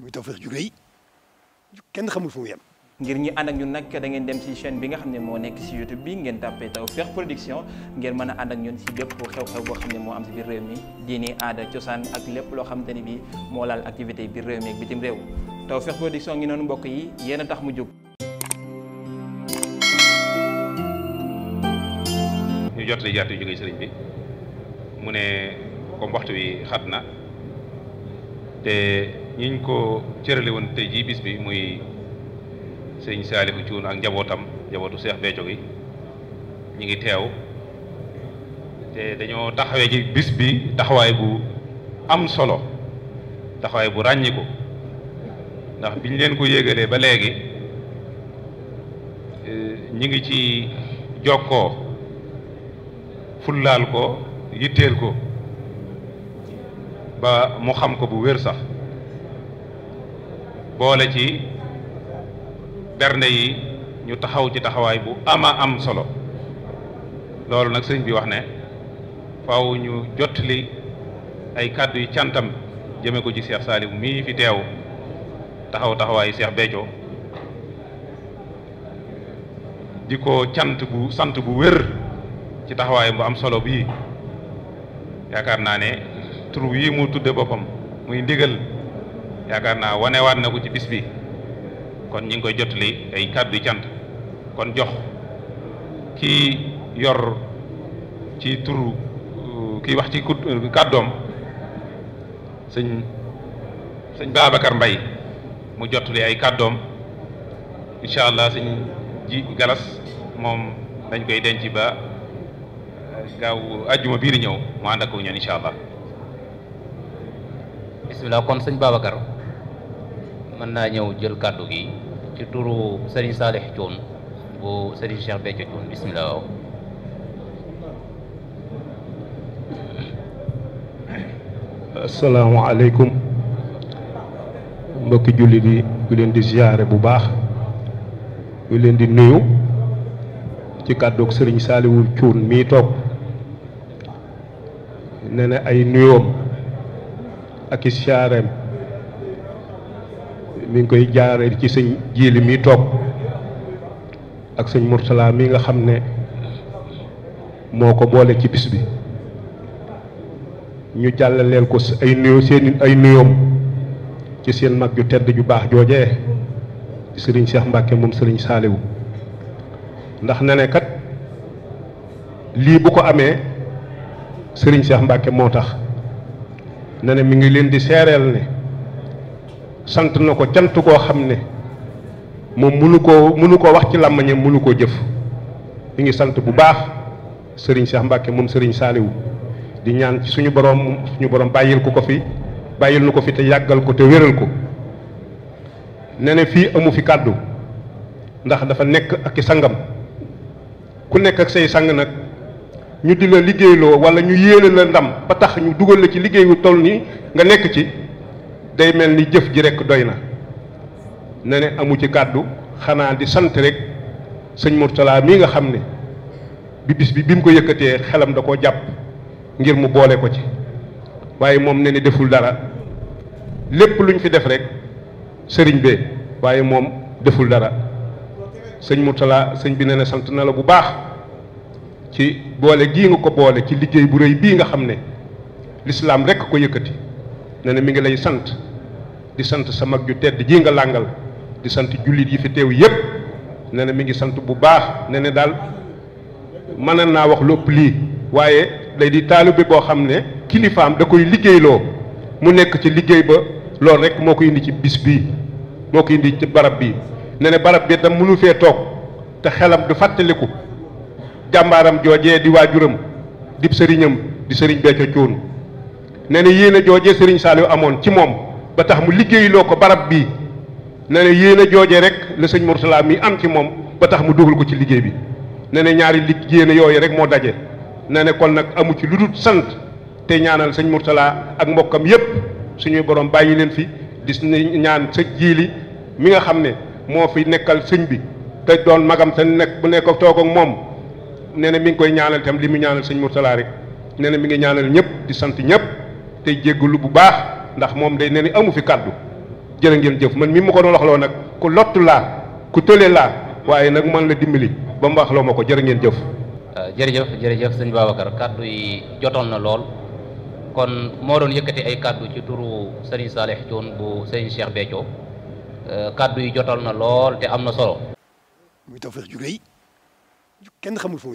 muy Tawfekh ju rëy kenn xamul fu mu ngir ñi ànd ak ñun nag da ngeen dem ci chaîne bi nga xam ne moo nekk ci YouTube bi ngeen tàppee Tawfekh Production ngeen mën a ànd ak ñun ci bépp xew-xew boo xam ne moo am ci biir réew mi diini aada cosaan ak lépp loo xamante ni bi moo laal activité biir réew mi ak bitim réew Tawfekh Production ngi noonu mbokk yi yéen a tax mu jóg. ñu jot li jaatu jóge sëriñ bi mu ne comme waxtu wi xat na te. ñiñ ko cërale woon tey jii bis bi muy sëñ Saalihu Cuun ak njabootam njabootu Seex Béthio gi ñu ngi teew te dañoo taxawee ci bis bi taxawaay bu am solo taxawaay bu ràññiku ndax biñ leen ko yégalee ba léegi e, ñu ngi ci jokkoo fullaal ko yitteel ko ba mu xam ko bu wér sax boole ci bernde yi ñu taxaw ci taxawaay bu ama am solo loolu nag sëñ bi wax ne faaw ñu jottali ay kàddu yu cantam jëme ko ci Cheikh Saliou mii fi teew taxaw taxawaayu Cheikh Béthio di ko cant bu sant bu wér ci taxawaayam bu am solo bii yaakaar naa ne tur yi mu tudde boppam muy ndigal yaakaar naa wanewaat na ko ci bis bi kon ñi ngi koy jotali ay kàddu cant kon jox ki yor ci turu kii wax ci kàddoom sëñ sëñ Babacar mbay mu jotali ay kàddoom incha allah sëñ ji galas moom dañ koy denc ba gaaw ajjuma biir ñëw mu ànd ak ñoom incha allah. bisimilah kon sëñ Babacar. mën naa ñëw jël kàddu gi ci turu Serigne Salih Thioune bu Serigne Cheikh Béthio Thioune bismillah waaw asalaamaaleykum mbokki jullit yi ñu leen di ziare bu baax ñu leen di nuyu ci kàddoog sëriñ Saaliwu Cuun mii toog nee ay nuyoom ak i ziareem mi ngi koy jaare ci sëñ jiili mi toog ak sëñ Murtala mi nga xam ne moo ko boole ci bis bi ñu jàllaleel ko ay nuyoo nuyoom ci seen mag ju tedd ju baax joojee ci sëriñ seex Mbacke moom sëriñ Saaliwu ndax na lii bu ko amee sëriñ seex Mbacke moo tax na ne mi ngi leen di seereel ne sant na ko cant koo xam ne moom mënu koo mënu koo wax ci làmmañam mënu koo jëf mu ngi sant bu baax sëriñ Cheikh Mbacke moom sëriñ Saaliwu di ñaan ci suñu borom ñu borom bàyyil ko ko fi bàyyil nu ko fi te yàggal ko te wéral ko ne ne fii amu fi kàddu ndax dafa nekk ak sangam ku nekk ak say sang nag ñu di la liggéeyloo wala ñu yéene la ndam ba tax ñu dugal la ci liggéey wu toll nii nga nekk ci. day mel ni jëf ji rekk doy na ne ne amu ci kàddu xanaa di sant rek sëñ Mourtala mii nga xam ne bi bi bi mu ko yëkkatee xelam da koo jàpp ngir mu boole ko ci waaye moom ne ne deful dara lépp lu ñu fi def rek sëriñ bee waaye moom deful dara sëñ Mourtala sëñ bi ne ne sant na la bu baax ci boole gii nga ko boole ci liggéey bu rëy bii nga xam ne lislaam rekk ko yëkkati ne ne mi ngi lay sant di sant sa mag ju tedd ji nga làngal di sant jullit yi fi teew yépp ne na mi ngi sant bu baax ne ne daal mën naa wax lépp lii waaye day di taalibe boo xam ne kilifaam da koy liggéeyloo mu nekk ci liggéey ba loolu rek moo ko indi ci bis bi moo ko indi ci barab bii ne barab bi tam mënu fee toog te xelam du fàttaliku jàmbaaram joojee di waajuram dib sëriñam di sëriñ Béthio Thioune ne ne yéen a joojee sëriñ Saliou amoon ci moom ba tax mu liggéeyloo ko barab bii ne ne yéen a jooje rek la sëñ Mourtala mi am ci moom ba tax mu dugal ko ci liggéey bi ne ne ñaari lig yéen yooyu rek moo daje ne ne kon nag amu ci lu dul sant te ñaanal sëñ Mourtala ak mbokkam yépp suñuy borom bàyyi leen fi di ñaan sa jiili mi nga xam ne moo fi nekkal sëñ bi te doon magam sa nekk bu nekk toog ak moom nee na mi ngi koy ñaanal itam li mu ñaanal sëñ Mourtala rek nee na mi ngi ñaanal ñëpp di sant ñëpp te jéggalu bu baax ndax moom day ne ni amu fi kàddu jërë ngeen jëf man mi ma ko doon waxloo nag ku lottu laa ku tële laa waaye nag man la dimbali ba mu waxloo ma ko jërë ngeen jëf. Euh, jërëjëf jërëjëf sëñ Babacar kàddu yi jotoon na lool kon moo doon yëkkati ay kàddu ci turu sëriñ Saalix Cuun bu sëriñ Cheikh Béthio euh, kàddu yi jotal na lool te am na solo. muy tawfeex ju rëy kenn xamul fu mu